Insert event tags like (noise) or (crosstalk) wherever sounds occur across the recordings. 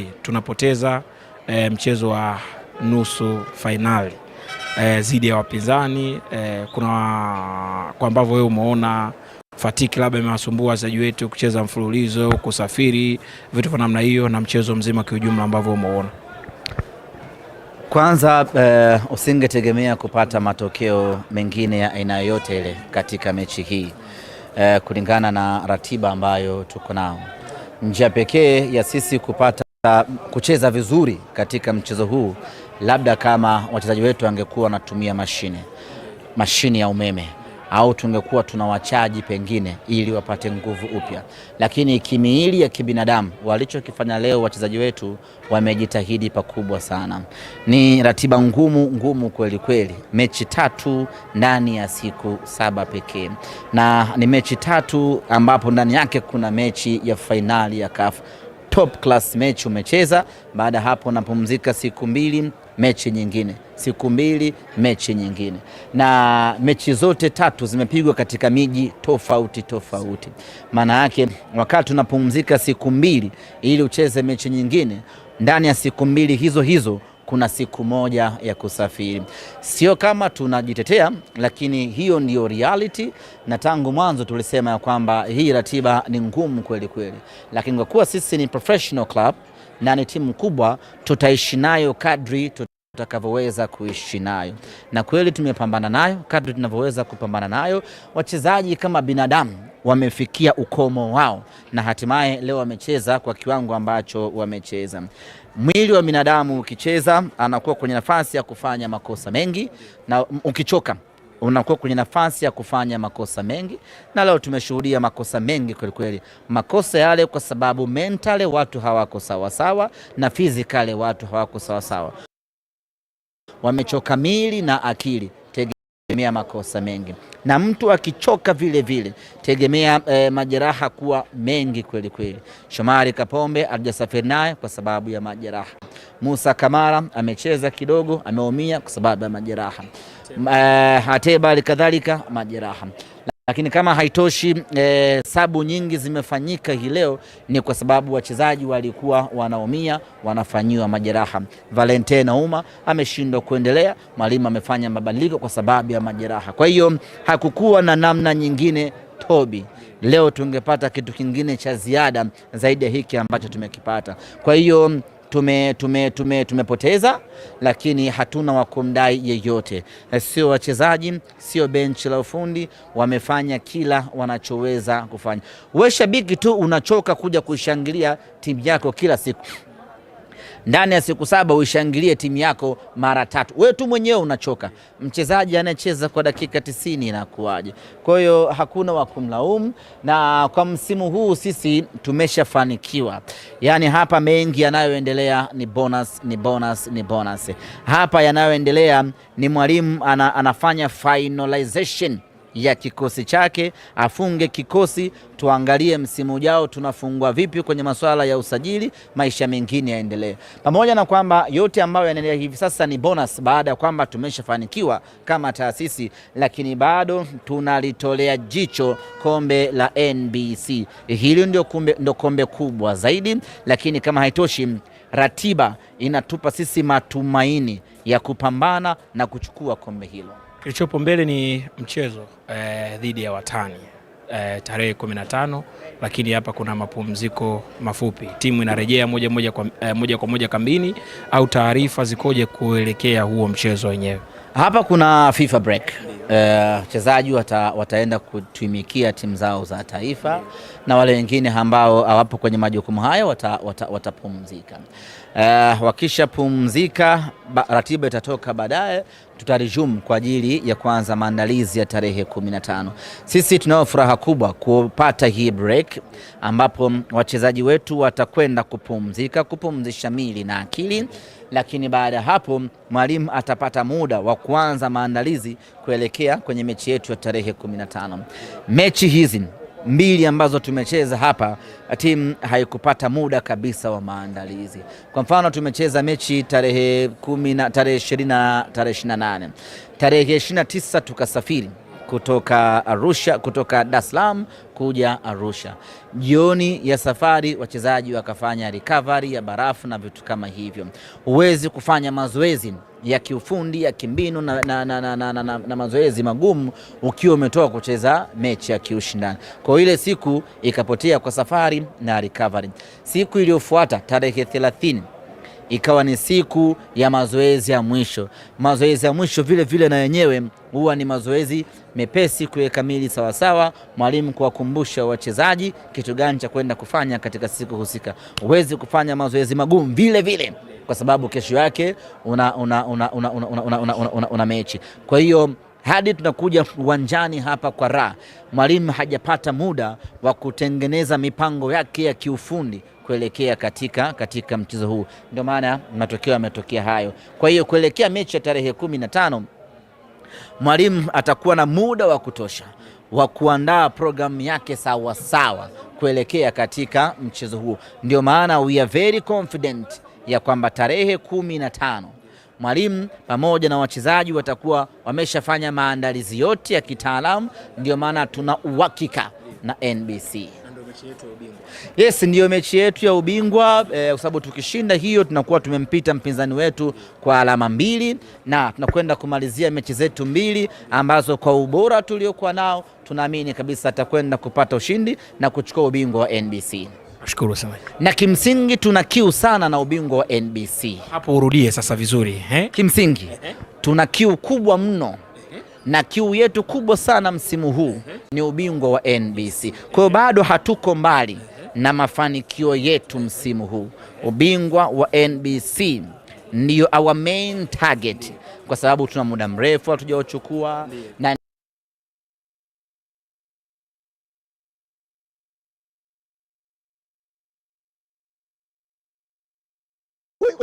hii tunapoteza e, mchezo wa nusu fainali e, eh, dhidi ya wapinzani e, kuna kwa ambavyo wewe umeona fatiki labda imewasumbua wachezaji wetu kucheza mfululizo, kusafiri, vitu vya namna hiyo, na mchezo mzima kiujumla ambavyo umeona. Kwanza uh, usingetegemea kupata matokeo mengine ya aina yoyote ile katika mechi hii uh, kulingana na ratiba ambayo tuko nao. Njia pekee ya sisi kupata kucheza vizuri katika mchezo huu labda kama wachezaji wetu wangekuwa wanatumia mashine mashine ya umeme au tungekuwa tuna wachaji pengine ili wapate nguvu upya, lakini kimiili ya kibinadamu walichokifanya leo wachezaji wetu wamejitahidi pakubwa sana. Ni ratiba ngumu ngumu kweli kweli, mechi tatu ndani ya siku saba pekee, na ni mechi tatu ambapo ndani yake kuna mechi ya fainali ya CAF top class mechi umecheza. Baada ya hapo unapumzika siku mbili, mechi nyingine, siku mbili, mechi nyingine, na mechi zote tatu zimepigwa katika miji tofauti tofauti. Maana yake wakati unapumzika siku mbili ili ucheze mechi nyingine, ndani ya siku mbili hizo hizo kuna siku moja ya kusafiri. Sio kama tunajitetea, lakini hiyo ndiyo reality, na tangu mwanzo tulisema ya kwamba hii ratiba ni ngumu kweli kweli, lakini kwa kuwa sisi ni professional club na ni timu kubwa, tutaishi nayo kadri tutakavyoweza kuishi nayo, na kweli tumepambana nayo kadri tunavyoweza kupambana nayo. Wachezaji kama binadamu wamefikia ukomo wao na hatimaye leo wamecheza kwa kiwango ambacho wamecheza. Mwili wa binadamu ukicheza, anakuwa kwenye nafasi ya kufanya makosa mengi, na ukichoka unakuwa kwenye nafasi ya kufanya makosa mengi, na leo tumeshuhudia makosa mengi kwelikweli. Makosa yale kwa sababu mentale watu hawako sawasawa na fizikale watu hawako sawasawa, wamechoka mili na akili tegemea makosa mengi, na mtu akichoka vile vile tegemea eh, majeraha kuwa mengi kweli kweli. Shomari Kapombe alijasafiri naye kwa sababu ya majeraha. Musa Kamara amecheza kidogo, ameumia kwa sababu ya majeraha. Hateba eh, alikadhalika majeraha. Lakini kama haitoshi e, sabu nyingi zimefanyika hii leo ni kwa sababu wachezaji walikuwa wanaumia, wanafanyiwa majeraha. Valentine Nauma ameshindwa kuendelea, mwalimu amefanya mabadiliko kwa sababu ya majeraha. Kwa hiyo hakukuwa na namna nyingine Tobi, leo tungepata kitu kingine cha ziada zaidi ya hiki ambacho tumekipata. Kwa hiyo tume, tume, tume, tumepoteza, lakini hatuna wa kumdai yeyote, sio wachezaji, sio benchi la ufundi. Wamefanya kila wanachoweza kufanya. We shabiki tu unachoka kuja kuishangilia timu yako kila siku ndani ya siku saba uishangilie timu yako mara tatu. Wewe tu mwenyewe unachoka, mchezaji anayecheza kwa dakika tisini inakuwaje? Kwa hiyo hakuna wa kumlaumu, na kwa msimu huu sisi tumeshafanikiwa. Yaani hapa mengi yanayoendelea ni bonus, ni bonus, ni bonus. Hapa yanayoendelea ni mwalimu ana, anafanya finalization ya kikosi chake, afunge kikosi. Tuangalie msimu ujao tunafungwa vipi kwenye masuala ya usajili, maisha mengine yaendelee, pamoja na kwamba yote ambayo yanaendelea hivi sasa ni bonus, baada ya kwamba tumeshafanikiwa kama taasisi, lakini bado tunalitolea jicho kombe la NBC. Hili ndio kombe, ndio kombe kubwa zaidi, lakini kama haitoshi ratiba inatupa sisi matumaini ya kupambana na kuchukua kombe hilo. Kilichopo mbele ni mchezo e, dhidi ya watani e, tarehe 15, lakini hapa kuna mapumziko mafupi. Timu inarejea moja moja kwa, e, moja kwa moja kambini au taarifa zikoje kuelekea huo mchezo wenyewe? Hapa kuna FIFA break Eh, wachezaji uh, wata, wataenda kutumikia timu zao za taifa na wale wengine ambao hawapo kwenye majukumu hayo watapumzika. wata, wata uh, wakishapumzika ratiba itatoka baadaye, tutarejumu kwa ajili ya kuanza maandalizi ya tarehe 15. Sisi tunayo furaha kubwa kupata hii break ambapo wachezaji wetu watakwenda kupumzika, kupumzisha mili na akili lakini baada ya hapo mwalimu atapata muda wa kuanza maandalizi kuelekea kuelekea kwenye mechi yetu ya tarehe 15. Mechi hizi mbili ambazo tumecheza hapa, timu haikupata muda kabisa wa maandalizi. Kwa mfano, tumecheza mechi tarehe 10 tarehe 20 tarehe 28 tarehe 29 tukasafiri kutoka Arusha, kutoka Dar es Salaam kuja Arusha. Jioni ya safari wachezaji wakafanya recovery ya barafu na vitu kama hivyo. Huwezi kufanya mazoezi ya kiufundi ya kimbinu na, na, na, na, na, na, na mazoezi magumu ukiwa umetoka kucheza mechi ya kiushindani. Kwa ile siku ikapotea kwa safari na recovery. Siku iliyofuata tarehe 30 ikawa ni siku ya mazoezi ya mwisho. Mazoezi ya mwisho vile vile na yenyewe huwa ni mazoezi mepesi kuweka mili sawasawa, mwalimu kuwakumbusha wachezaji kitu gani cha kwenda kufanya katika siku husika. Huwezi kufanya mazoezi magumu vile vile kwa sababu kesho yake una, una, una, una, una, una, una, una, una, una mechi. Kwa hiyo hadi tunakuja uwanjani hapa kwa raha, mwalimu hajapata muda wa kutengeneza mipango yake ya kiufundi kuelekea katika, katika mchezo huu, ndio maana matokeo yametokea hayo. Kwa hiyo kuelekea mechi ya tarehe kumi na tano mwalimu atakuwa na muda wa kutosha wa kuandaa programu yake sawa sawa kuelekea katika mchezo huo. Ndio maana we are very confident ya kwamba tarehe kumi na tano mwalimu pamoja na wachezaji watakuwa wameshafanya maandalizi yote ya kitaalamu. Ndio maana tuna uhakika na NBC mechi yetu ya ubingwa. Yes, ndiyo mechi yetu ya ubingwa eh, kwa sababu tukishinda hiyo tunakuwa tumempita mpinzani wetu kwa alama mbili na tunakwenda kumalizia mechi zetu mbili ambazo kwa ubora tuliokuwa nao tunaamini kabisa atakwenda kupata ushindi na kuchukua ubingwa wa NBC. Nashukuru sana. Na kimsingi tuna kiu sana na ubingwa wa NBC. Hapo urudie sasa vizuri eh? Kimsingi eh, eh. tuna kiu kubwa mno na kiu yetu kubwa sana msimu huu ni ubingwa wa NBC. Kwa hiyo bado hatuko mbali na mafanikio yetu msimu huu. Ubingwa wa NBC ndiyo our main target, kwa sababu tuna muda mrefu hatujaochukua na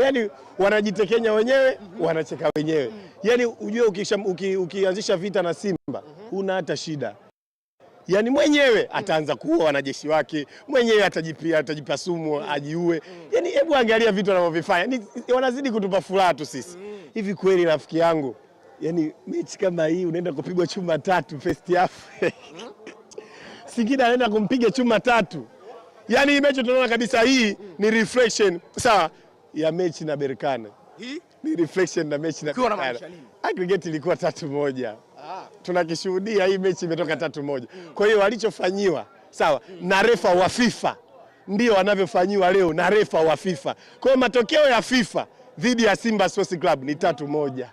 yani wanajitekenya wenyewe mm -hmm. wanacheka wenyewe mm -hmm. yani ujue uki, ukianzisha vita na Simba mm -hmm. una hata shida yani mwenyewe ataanza kuua wanajeshi wake mwenyewe atajipia atajipa sumu ajiue. Yani hebu angalia vitu wanavyovifanya, wanazidi kutupa furaha tu sisi. Hivi kweli rafiki yangu, yani mechi kama hii unaenda kupigwa chuma tatu first half (laughs) Singida anaenda kumpiga chuma tatu, yani hii mechi tunaona kabisa hii ni refreshen sawa ya mechi na Berkane. Hii ni reflection na mechi na Berkane. Aggregate ilikuwa tatu moja. Ah. Tunakishuhudia hii mechi imetoka eh. tatu moja. Mm. Kwa hiyo walichofanyiwa sawa mm, na refa wa FIFA ndio wanavyofanyiwa leo na refa wa FIFA. Kwa hiyo matokeo ya FIFA dhidi ya Simba Sports Club ni tatu moja.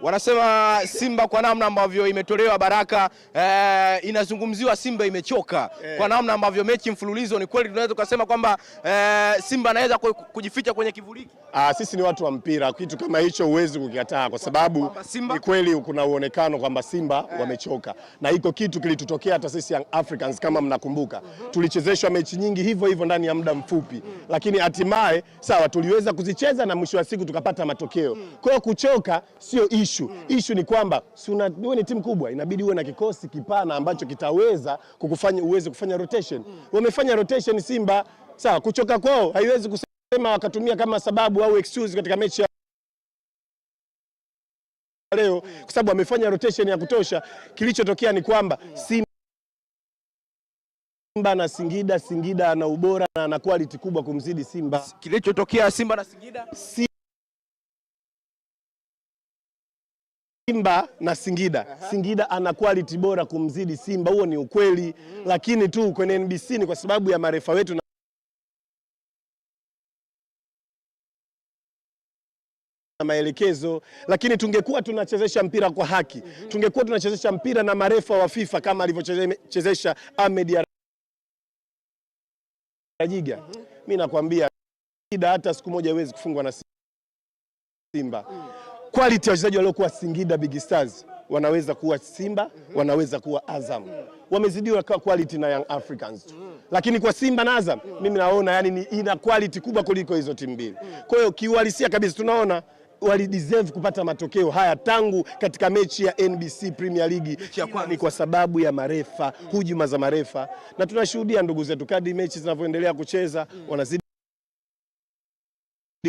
Wanasema Simba kwa namna ambavyo imetolewa baraka eh, inazungumziwa Simba imechoka eh. Kwa namna ambavyo mechi mfululizo, ni kweli tunaweza tukasema kwamba eh, Simba anaweza kujificha kwenye kivuli. Ah, sisi ni watu wa mpira, kitu kama hicho huwezi kukikataa, kwa sababu ni kweli kuna uonekano kwamba Simba eh, wamechoka, na iko kitu kilitutokea hata sisi Young Africans kama mnakumbuka, uh mhm. -huh, Tulichezeshwa mechi nyingi hivyo hivyo ndani ya muda mfupi, -hmm. Lakini hatimaye sawa, tuliweza kuzicheza na mwisho wa siku tukapata matokeo, -hmm. Kwa hiyo kuchoka sio ishu. Ishu ni kwamba wewe ni timu kubwa, inabidi uwe na kikosi kipana ambacho kitaweza kukufanya uweze kufanya rotation. Mm. Wamefanya rotation Simba, sawa. Kuchoka kwao haiwezi kusema wakatumia kama sababu au excuse katika mechi ya leo, kwa sababu wamefanya rotation ya kutosha. Kilichotokea ni kwamba Simba mm. Simba na Singida, Singida ana ubora na ana quality kubwa kumzidi Simba. Kilichotokea Simba na Singida si Simba na Singida. Singida ana quality bora kumzidi Simba, huo ni ukweli mm. Lakini tu kwenye NBC ni kwa sababu ya marefa wetu na... na maelekezo, lakini tungekuwa tunachezesha mpira kwa haki mm -hmm. Tungekuwa tunachezesha mpira na marefa wa FIFA kama alivyochezesha Ahmed Rajiga. mm -hmm. Mimi nakwambia hata siku moja haiwezi kufungwa na Simba mm quality ya wachezaji waliokuwa Singida Big Stars wanaweza kuwa Simba, wanaweza kuwa Azam, wamezidiwa kwa quality na Young Africans tu, lakini kwa Simba na Azam mimi naona yani ni ina quality kubwa kuliko hizo timu mbili. Kwa hiyo kiuhalisia kabisa tunaona walideserve kupata matokeo haya tangu katika mechi ya NBC Premier League. Ni kwa sababu ya marefa, hujuma za marefa, na tunashuhudia ndugu zetu, kadri mechi zinavyoendelea kucheza wanazidi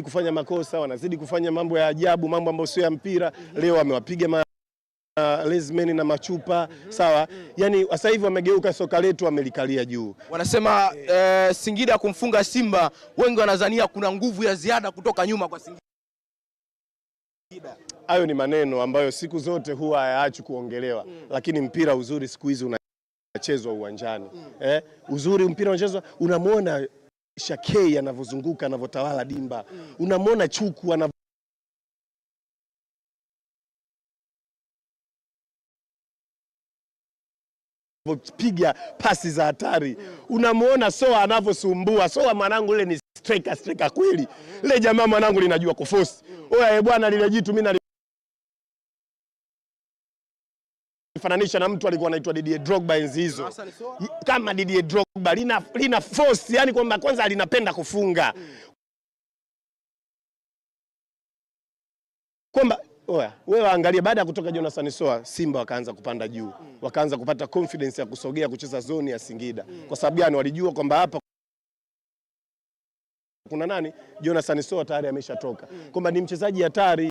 kufanya makosa, wanazidi kufanya mambo ya ajabu, mambo ambayo sio ya mpira. Leo wamewapiga ma uh, lesmeni na machupa mm -hmm. Sawa mm -hmm. Yani sasa hivi wamegeuka soka letu wamelikalia juu, wanasema yeah. E, Singida ya kumfunga Simba, wengi wanadhania kuna nguvu ya ziada kutoka nyuma kwa Singida. Hayo ni maneno ambayo siku zote huwa hayaachi kuongelewa mm. Lakini mpira uzuri siku hizi unachezwa uwanjani mm. Eh, uzuri mpira unachezwa unamwona Shakei anavyozunguka anavyotawala dimba mm. Unamwona Chuku anav... piga pasi za hatari mm. Unamwona Soa anavyosumbua. Soa mwanangu, ile ni striker striker kweli. Ile mm. jamaa mwanangu linajua kufosi. Mm. Oya eh, bwana, lile jitu mimi linafananisha na mtu alikuwa anaitwa Didier Drogba enzi hizo, kama Didier Drogba lina, lina force yani kwamba kwanza linapenda kufunga mm. kwamba oya wewe waangalie baada ya kutoka Jonathan Soa Simba wakaanza kupanda juu mm. wakaanza kupata confidence ya kusogea kucheza zoni ya Singida mm. kwa sababu yani Walijua kwamba hapa kuna nani? Jonathan Soa tayari ameshatoka mm. kwamba ni mchezaji hatari.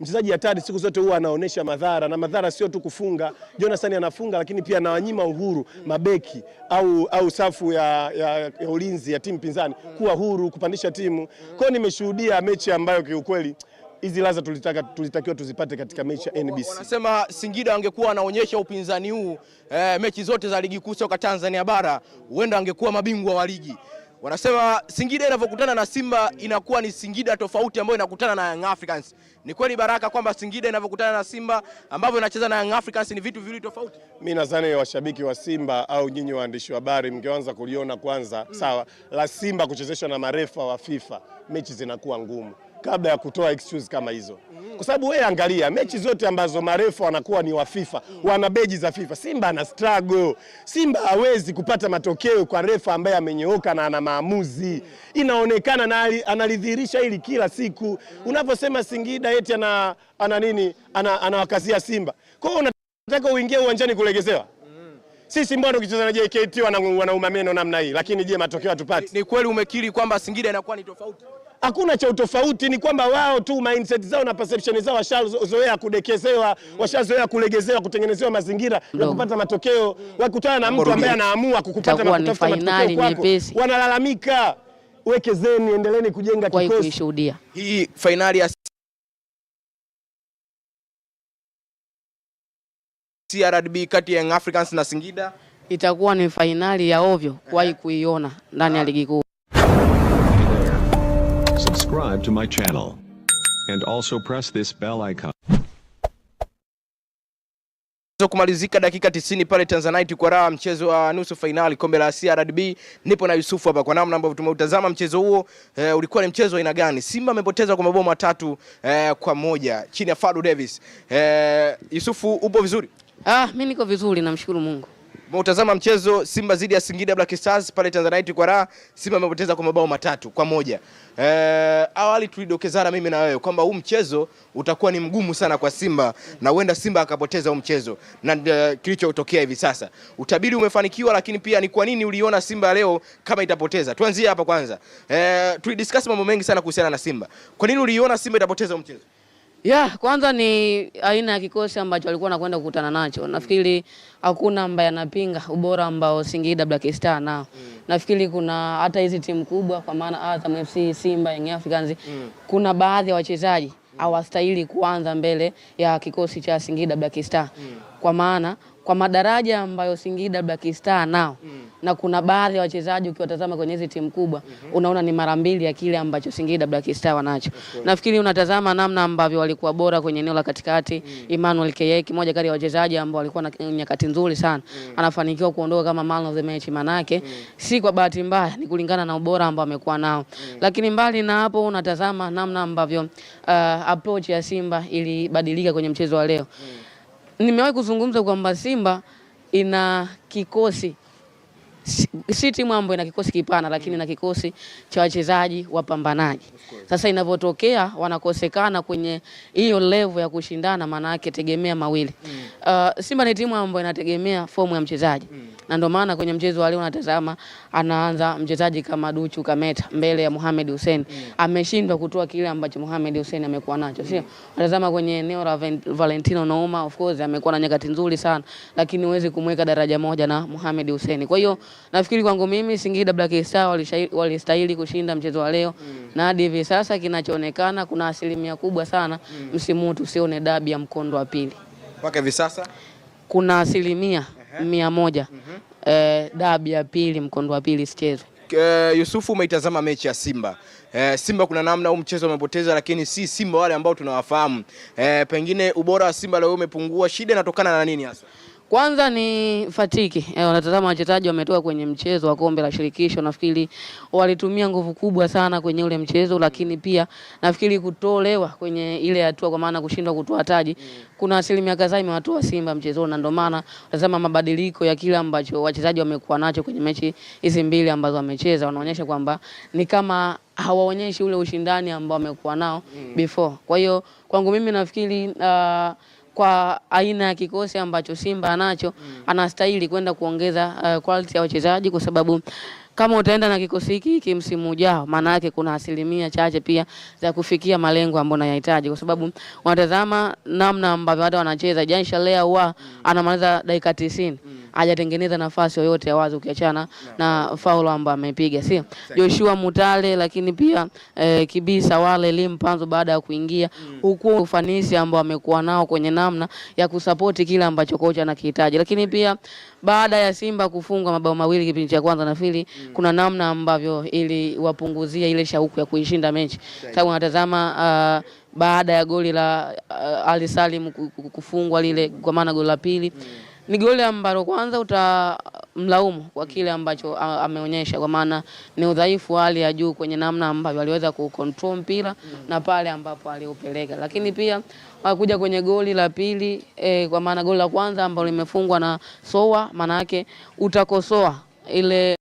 Mchezaji hatari siku zote huwa anaonyesha madhara na madhara sio tu kufunga. Jonathan anafunga lakini pia anawanyima uhuru mabeki au, au safu ya, ya, ya ulinzi ya timu pinzani kuwa huru kupandisha timu. hiyo nimeshuhudia mechi ambayo kiukweli hizi laza tulitaka, tulitakiwa tuzipate katika mechi ya NBC. Wanasema Singida angekuwa anaonyesha upinzani huu eh, mechi zote za ligi kuu soka Tanzania bara huenda angekuwa mabingwa wa ligi. Wanasema Singida inavyokutana na Simba inakuwa ni Singida tofauti ambayo inakutana na Young Africans. Ni kweli Baraka kwamba Singida inavyokutana na Simba ambavyo inacheza na Young Africans ni vitu viwili tofauti. Mimi nadhani washabiki wa Simba au nyinyi waandishi wa habari mngeanza kuliona kwanza, mm. Sawa, la Simba kuchezeshwa na marefa wa FIFA, mechi zinakuwa ngumu kabla ya kutoa excuse kama hizo mm kwa sababu wewe angalia mechi zote ambazo marefu wanakuwa ni wa FIFA, mm. wana beji za FIFA. Simba ana struggle. Simba hawezi kupata matokeo kwa refa ambaye amenyooka na ana maamuzi, mm. inaonekana na analidhihirisha hili kila siku. Mm. Unaposema Singida eti ana, ana nini anawakazia ana Simba, kwa hiyo unataka uingie uwanjani kulegezewa? Sisi mbona ukicheza na JKT wanauma meno namna hii, lakini je, matokeo hatupati? Ni, ni kweli umekiri kwamba Singida inakuwa ni tofauti? Hakuna cha utofauti, ni kwamba wao tu mindset zao na perception zao washazoea kudekezewa, mm. washazoea kulegezewa, kutengenezewa mazingira ya kupata matokeo. Mm. Wakutana na mtu ambaye anaamua kukupata matokeo kwako, wanalalamika. Wekezeni, endeleeni kujenga kikosi. Hii ya CRDB kati ya Young Africans na Singida itakuwa ni fainali ya ovyo kuwahi eh. kuiona ndani ya ah. ligi kuu. Subscribe to my channel and also press this bell icon. Kumalizika dakika 90 pale Tanzanite kwa raha, mchezo wa nusu fainali kombe la CRDB. Nipo na Yusufu hapa. Kwa namna ambavyo tumeutazama mchezo huo, e, ulikuwa ni mchezo aina gani? Simba amepoteza kwa mabao matatu e, kwa moja chini ya Fadu Davis. E, Yusufu, upo vizuri? Ah, mimi niko vizuri namshukuru Mungu. Mtazama mchezo Simba dhidi ya Singida Black Stars pale Tanzanite kwa raha. Simba amepoteza kwa mabao matatu kwa moja. Ee, awali tulidokezana mimi na wewe kwamba huu mchezo utakuwa ni mgumu sana kwa Simba na huenda Simba akapoteza huu mchezo na uh, kilichotokea hivi sasa. Utabiri umefanikiwa, lakini pia ni kwa nini uliona Simba leo kama itapoteza? Tuanzie hapa kwanza. Ee, tulidiscuss mambo mengi sana kuhusiana na Simba. Kwa nini uliona Simba itapoteza huu mchezo? Yeah, kwanza ni aina ya kikosi ambacho alikuwa anakwenda kukutana nacho. Nafikiri hakuna ambaye anapinga ubora ambao Singida Black Star nao. Mm. Nafikiri kuna hata hizi timu kubwa kwa maana Azam FC, Simba, Young Africans mm. kuna baadhi ya wachezaji mm. hawastahili kuanza mbele ya kikosi cha Singida Black Star. Mm. Kwa maana kwa madaraja ambayo Singida Black Star nao mm na kuna baadhi ya wachezaji ukiwatazama kwenye hizi timu kubwa mm -hmm. unaona ni mara mbili ya kile ambacho Singida Black Star wanacho. Nafikiri unatazama namna ambavyo walikuwa bora kwenye eneo la katikati mm -hmm. Emmanuel Kiyeki, moja kati ya wachezaji ambao walikuwa na nyakati nzuri sana mm -hmm. anafanikiwa kuondoka kama man of the match manake mm -hmm. si kwa bahati mbaya, ni kulingana na ubora ambao amekuwa nao mm -hmm. lakini mbali na hapo unatazama namna ambavyo uh, approach ya Simba ilibadilika kwenye mchezo wa leo mm -hmm. nimewahi kuzungumza kwamba Simba ina kikosi si timu ambayo ina kikosi kipana, lakini na kikosi cha wachezaji wapambanaji. Sasa inavyotokea wanakosekana kwenye hiyo level ya kushindana, maana yake tegemea mawili. Mm. Uh, Simba ni timu ambayo inategemea fomu ya mchezaji mm na ndio maana kwenye mchezo wa leo natazama anaanza mchezaji kama Duchu Kameta mbele ya Mohamed Hussein mm. ameshindwa kutoa kile ambacho Mohamed Hussein amekuwa nacho mm. sio? Natazama kwenye eneo la Valentino Nouma, of course amekuwa na nyakati nzuri sana, lakini huwezi kumweka daraja moja na Mohamed Hussein. Kwa hiyo nafikiri kwangu mimi Singida Black Star walistahili kushinda mchezo wa leo mm. na hadi hivi sasa kinachoonekana kuna asilimia kubwa sana mm. msimu huu tusione dabi ya mkondo wa pili mpaka hivi sasa kuna asilimia Eh? mia moja mm-hmm. E, dabi ya pili mkondo wa pili sichezwe. E, Yusufu, umeitazama mechi ya Simba. E, Simba kuna namna huu mchezo umepoteza, lakini si Simba wale ambao tunawafahamu. E, pengine ubora wa Simba leo umepungua, shida inatokana na nini hasa? Kwanza ni fatiki e, wanatazama wachezaji wametoka kwenye mchezo wa kombe la shirikisho. Nafikiri walitumia nguvu kubwa sana kwenye ule mchezo, lakini pia nafikiri kutolewa kwenye ile hatua, kwa maana kushindwa kutoa taji, kuna asilimia kadhaa imewatoa Simba mchezo, na ndio maana tazama mabadiliko ya kile ambacho wachezaji wamekuwa nacho kwenye mechi hizi mbili ambazo wamecheza, wanaonyesha kwamba ni kama hawaonyeshi ule ushindani ambao wamekuwa nao mm. before. Kwa hiyo kwangu mimi nafikiri uh, kwa aina ya kikosi ambacho Simba anacho mm. anastahili kwenda kuongeza uh, quality ya wachezaji kwa sababu kama utaenda na kikosi hiki hiki msimu ujao, maana yake kuna asilimia chache pia za kufikia malengo ambayo unayahitaji, kwa sababu wanatazama namna ambavyo hata wanacheza Jansha Lewa mm. anamaliza dakika 90 mm hajatengeneza nafasi yoyote ya wazi ukiachana na faulo ambayo amepiga, si Joshua Mutale, lakini pia eh, Kibisa wale Limpanzo baada ya kuingia mm. huku mm. ufanisi ambao amekuwa nao kwenye namna ya kusapoti kile ambacho kocha anakihitaji, lakini pia baada ya Simba kufunga mabao mawili kipindi cha kwanza nafili mm. kuna namna ambavyo iliwapunguzia ile shauku ya kuishinda mechi, sababu natazama uh, ah, baada ya goli la uh, ah, Ali Salim kufungwa lile, kwa maana goli la pili mm ni goli ambalo kwanza utamlaumu kwa mm. kile ambacho ameonyesha, kwa maana ni udhaifu wa hali ya juu kwenye namna ambavyo aliweza kucontrol mpira mm. na pale ambapo aliupeleka, lakini pia wakuja kwenye goli la pili e, kwa maana goli la kwanza ambalo limefungwa na Soa, maana yake utakosoa ile